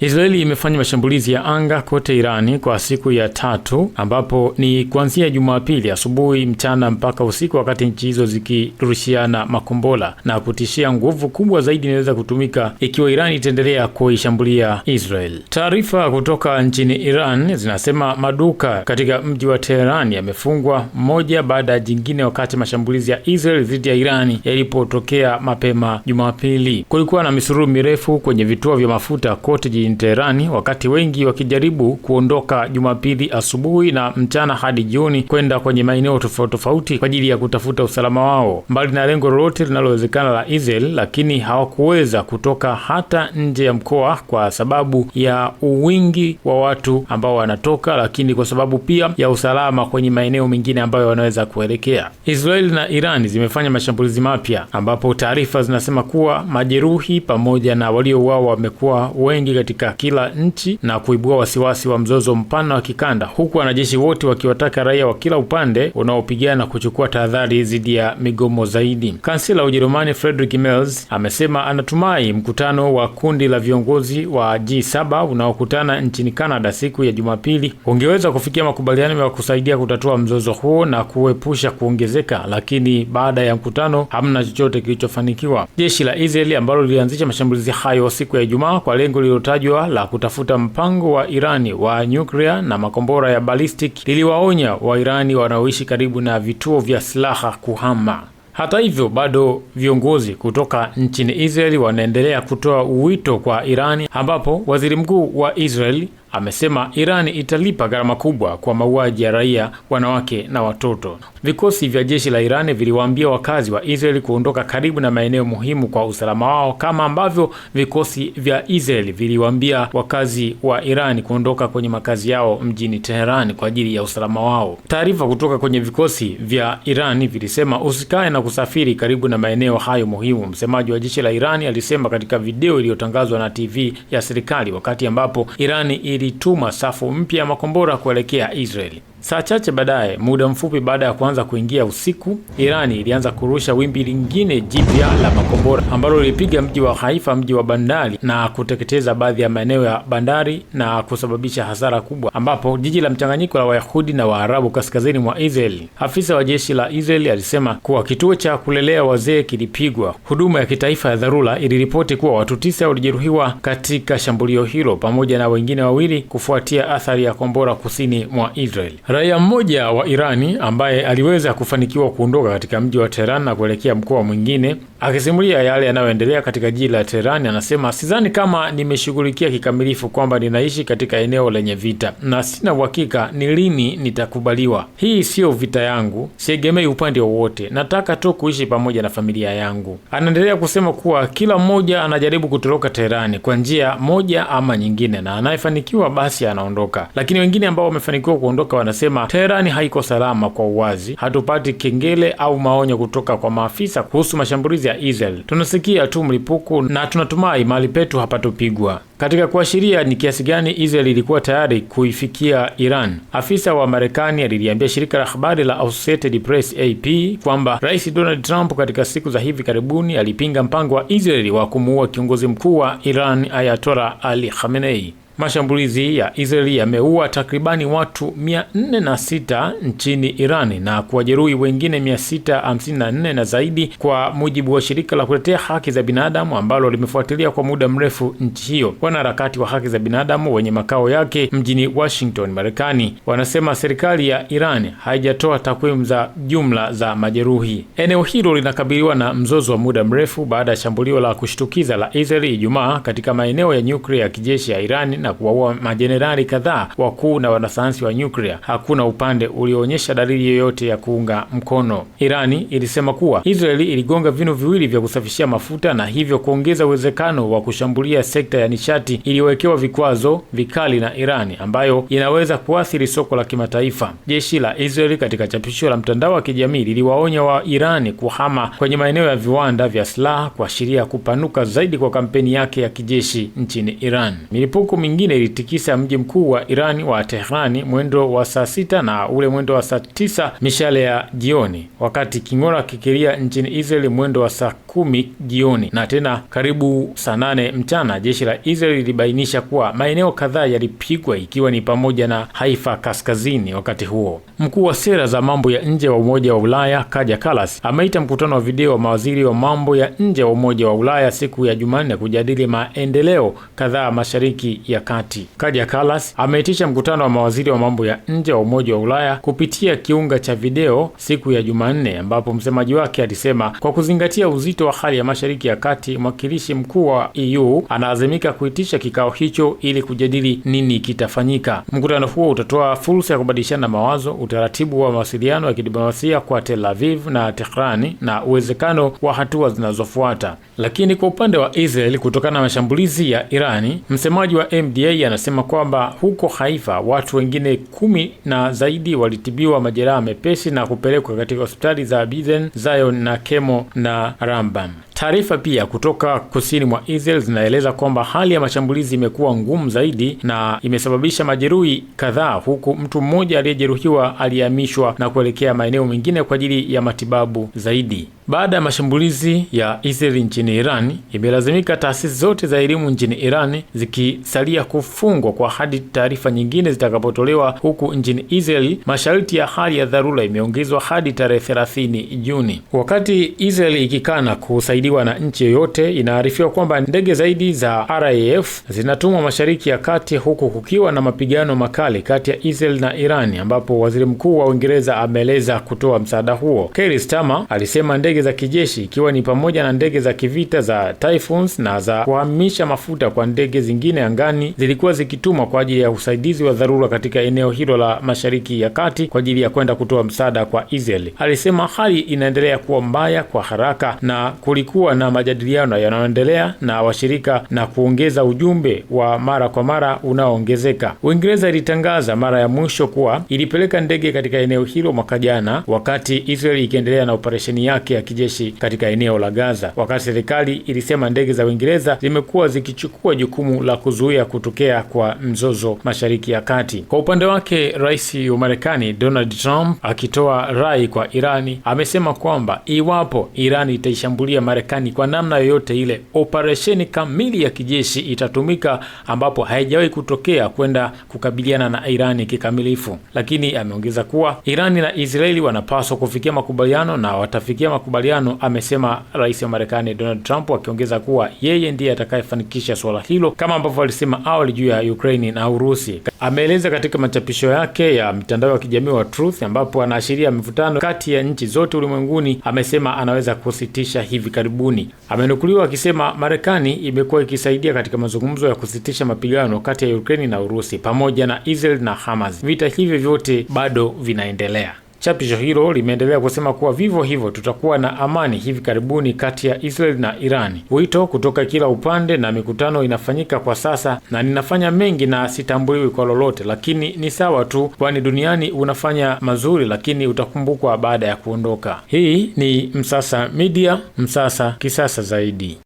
Israeli imefanya mashambulizi ya anga kote Irani kwa siku ya tatu, ambapo ni kuanzia Jumapili asubuhi, mchana mpaka usiku, wakati nchi hizo zikirushiana makombola na kutishia nguvu kubwa zaidi inaweza kutumika ikiwa Irani itaendelea kuishambulia Israel. Taarifa kutoka nchini Iran zinasema maduka katika mji wa Teherani yamefungwa moja baada ya jingine, wakati mashambulizi ya Israel dhidi ya Irani yalipotokea mapema Jumapili. Kulikuwa na misururu mirefu kwenye vituo vya mafuta kote jijini jijini Teherani, wakati wengi wakijaribu kuondoka Jumapili asubuhi na mchana hadi jioni kwenda kwenye maeneo tofauti tofauti kwa ajili ya kutafuta usalama wao, mbali na lengo lolote linalowezekana la Israel, lakini hawakuweza kutoka hata nje ya mkoa kwa sababu ya uwingi wa watu ambao wanatoka, lakini kwa sababu pia ya usalama kwenye maeneo mengine ambayo wanaweza kuelekea. Israeli na Irani zimefanya mashambulizi mapya ambapo taarifa zinasema kuwa majeruhi pamoja na waliouawa wamekuwa wengi katika katika kila nchi na kuibua wasiwasi wa mzozo mpana wa kikanda, huku wanajeshi wote wakiwataka raia wa kila upande unaopigana kuchukua tahadhari dhidi ya migomo zaidi. Kansela wa Ujerumani Friedrich Merz amesema anatumai mkutano wa kundi la viongozi wa G7 unaokutana nchini Canada siku ya Jumapili ungeweza kufikia makubaliano ya kusaidia kutatua mzozo huo na kuepusha kuongezeka, lakini baada ya mkutano hamna chochote kilichofanikiwa. Jeshi la Israeli ambalo lilianzisha mashambulizi hayo siku ya Ijumaa kwa lengo lililotajwa tajwa la kutafuta mpango wa Irani wa nyuklia na makombora ya balistik liliwaonya Wairani wanaoishi karibu na vituo vya silaha kuhama. Hata hivyo bado viongozi kutoka nchini Israeli wanaendelea kutoa wito kwa Irani, ambapo waziri mkuu wa Israeli amesema Iran italipa gharama kubwa kwa mauaji ya raia, wanawake na watoto. Vikosi vya jeshi la Iran viliwaambia wakazi wa Israeli kuondoka karibu na maeneo muhimu kwa usalama wao, kama ambavyo vikosi vya Israeli viliwaambia wakazi wa Iran kuondoka kwenye makazi yao mjini Teherani kwa ajili ya usalama wao. Taarifa kutoka kwenye vikosi vya Iran vilisema usikae na kusafiri karibu na maeneo hayo muhimu. Msemaji wa jeshi la Iran alisema katika video iliyotangazwa na TV ya serikali wakati ambapo Iran ili ilituma safu mpya ya makombora kuelekea Israeli. Saa chache baadaye, muda mfupi baada ya kuanza kuingia usiku, Irani ilianza kurusha wimbi lingine jipya la makombora ambalo lilipiga mji wa Haifa, mji wa bandari na kuteketeza baadhi ya maeneo ya bandari na kusababisha hasara kubwa, ambapo jiji la mchanganyiko la Wayahudi na Waarabu kaskazini mwa Israeli. Afisa wa jeshi la Israeli alisema kuwa kituo cha kulelea wazee kilipigwa. Huduma ya kitaifa ya dharura iliripoti kuwa watu tisa walijeruhiwa katika shambulio hilo pamoja na wengine wawili kufuatia athari ya kombora kusini mwa Israeli. Raia mmoja wa Irani ambaye aliweza kufanikiwa kuondoka katika mji wa Teheran na kuelekea mkoa mwingine, akisimulia yale yanayoendelea katika jiji la Teheran, anasema sidhani kama nimeshughulikia kikamilifu kwamba ninaishi katika eneo lenye vita na sina uhakika ni lini nitakubaliwa. Hii siyo vita yangu, siegemei upande wowote, nataka tu kuishi pamoja na familia yangu. Anaendelea kusema kuwa kila mmoja anajaribu kutoroka Teherani kwa njia moja ama nyingine, na anayefanikiwa basi anaondoka, lakini wengine ambao wamefanikiwa kuondoka wanasema amesema Teherani haiko salama kwa uwazi. Hatupati kengele au maonyo kutoka kwa maafisa kuhusu mashambulizi ya Israel. Tunasikia tu mlipuko na tunatumai mahali petu hapatopigwa. Katika kuashiria ni kiasi gani Israel ilikuwa tayari kuifikia Iran, afisa wa Marekani aliliambia shirika la habari la Associated Press AP kwamba Rais Donald Trump katika siku za hivi karibuni alipinga mpango wa Israeli wa kumuua kiongozi mkuu wa Iran Ayatollah Ali Khamenei. Mashambulizi ya Israeli yameua takribani watu 406 nchini Irani na kuwajeruhi wengine 654 na zaidi, kwa mujibu wa shirika la kutetea haki za binadamu ambalo limefuatilia kwa muda mrefu nchi hiyo. Wanaharakati wa haki za binadamu wenye makao yake mjini Washington, Marekani, wanasema serikali ya iran haijatoa takwimu za jumla za majeruhi. Eneo hilo linakabiliwa na mzozo wa muda mrefu baada ya shambulio la kushtukiza la Israeli Ijumaa katika maeneo ya nyuklia ya kijeshi ya Iran na kuwaua majenerali kadhaa wakuu na wanasayansi wa nyuklia. Hakuna upande ulioonyesha dalili yoyote ya kuunga mkono. Irani ilisema kuwa Israeli iligonga vinu viwili vya kusafishia mafuta na hivyo kuongeza uwezekano wa kushambulia sekta ya nishati iliyowekewa vikwazo vikali na Irani ambayo inaweza kuathiri soko la kimataifa. Jeshi la Israeli katika chapisho la mtandao wa kijamii liliwaonya wa Irani kuhama kwenye maeneo ya viwanda vya silaha kuashiria kupanuka zaidi kwa kampeni yake ya kijeshi nchini Iran. Milipuko nyingine ilitikisa mji mkuu wa Irani wa Tehrani mwendo wa saa sita na ule mwendo wa saa tisa mishale ya jioni, wakati king'ora kikilia nchini Israeli mwendo wa saa kumi jioni na tena karibu saa nane mchana. Jeshi la Israeli lilibainisha kuwa maeneo kadhaa yalipigwa ikiwa ni pamoja na Haifa kaskazini. Wakati huo mkuu wa sera za mambo ya nje wa Umoja wa Ulaya Kaja Kalas ameita mkutano wa video wa mawaziri wa mambo ya nje wa Umoja wa Ulaya siku ya Jumanne kujadili maendeleo kadhaa mashariki ya kati. Kaja Kallas ameitisha mkutano wa mawaziri wa mambo ya nje wa Umoja wa Ulaya kupitia kiunga cha video siku ya Jumanne, ambapo msemaji wake alisema kwa kuzingatia uzito wa hali ya Mashariki ya Kati, mwakilishi mkuu wa EU anaazimika kuitisha kikao hicho ili kujadili nini kitafanyika. Mkutano huo utatoa fursa ya kubadilishana mawazo, utaratibu wa mawasiliano ya kidiplomasia kwa Tel Aviv na Tehrani na uwezekano wa hatua zinazofuata. Lakini kwa upande wa Israel, kutokana na mashambulizi ya Irani, msemaji wa MD MDA anasema kwamba huko Haifa watu wengine kumi na zaidi walitibiwa majeraha mepesi na kupelekwa katika hospitali za Biden, Zion na Kemo na Rambam. Taarifa pia kutoka kusini mwa Israel zinaeleza kwamba hali ya mashambulizi imekuwa ngumu zaidi na imesababisha majeruhi kadhaa, huku mtu mmoja aliyejeruhiwa alihamishwa na kuelekea maeneo mengine kwa ajili ya matibabu zaidi. Baada ya mashambulizi ya Israeli nchini Irani, imelazimika taasisi zote za elimu nchini Irani zikisalia kufungwa kwa hadi taarifa nyingine zitakapotolewa, huku nchini Israeli masharti ya hali ya dharura imeongezwa hadi tarehe 30 Juni. Wakati Israeli ikikana kusaidiwa na nchi yoyote, inaarifiwa kwamba ndege zaidi za RAF zinatumwa Mashariki ya Kati, huku kukiwa na mapigano makali kati ya Israeli na Irani, ambapo waziri mkuu wa Uingereza ameeleza kutoa msaada huo. Keir Starmer alisema ndege ndege za kijeshi ikiwa ni pamoja na ndege za kivita za Typhoons na za kuhamisha mafuta kwa ndege zingine angani zilikuwa zikitumwa kwa ajili ya usaidizi wa dharura katika eneo hilo la Mashariki ya Kati kwa ajili ya kwenda kutoa msaada kwa Israel. Alisema hali inaendelea kuwa mbaya kwa haraka na kulikuwa na majadiliano yanayoendelea na washirika na kuongeza ujumbe wa mara kwa mara unaoongezeka. Uingereza ilitangaza mara ya mwisho kuwa ilipeleka ndege katika eneo hilo mwaka jana wakati Israel ikiendelea na operesheni yake ya kijeshi katika eneo la Gaza, wakati serikali ilisema ndege za Uingereza zimekuwa zikichukua jukumu la kuzuia kutokea kwa mzozo Mashariki ya Kati. Kwa upande wake, rais wa Marekani Donald Trump akitoa rai kwa Irani amesema kwamba iwapo Irani itaishambulia Marekani kwa namna yoyote ile, operesheni kamili ya kijeshi itatumika, ambapo haijawahi kutokea kwenda kukabiliana na Irani kikamilifu. Lakini ameongeza kuwa Irani na Israeli wanapaswa kufikia makubaliano na watafikia makubaliano makubaliano, amesema rais wa Marekani Donald Trump, akiongeza kuwa yeye ndiye atakayefanikisha suala hilo kama ambavyo alisema awali juu ya Ukraini na Urusi. Ameeleza katika machapisho yake ya mtandao ya kijamii wa Truth, ambapo anaashiria mivutano kati ya nchi zote ulimwenguni, amesema anaweza kusitisha hivi karibuni. Amenukuliwa akisema Marekani imekuwa ikisaidia katika mazungumzo ya kusitisha mapigano kati ya Ukraini na Urusi pamoja na Israel na Hamas. Vita hivyo vyote bado vinaendelea. Chapisho hilo limeendelea kusema kuwa vivyo hivyo tutakuwa na amani hivi karibuni kati ya Israeli na Irani. Wito kutoka kila upande na mikutano inafanyika kwa sasa na ninafanya mengi na sitambuliwi kwa lolote, lakini ni sawa tu, kwani duniani unafanya mazuri, lakini utakumbukwa baada ya kuondoka. Hii ni Msasa Media, Msasa kisasa zaidi.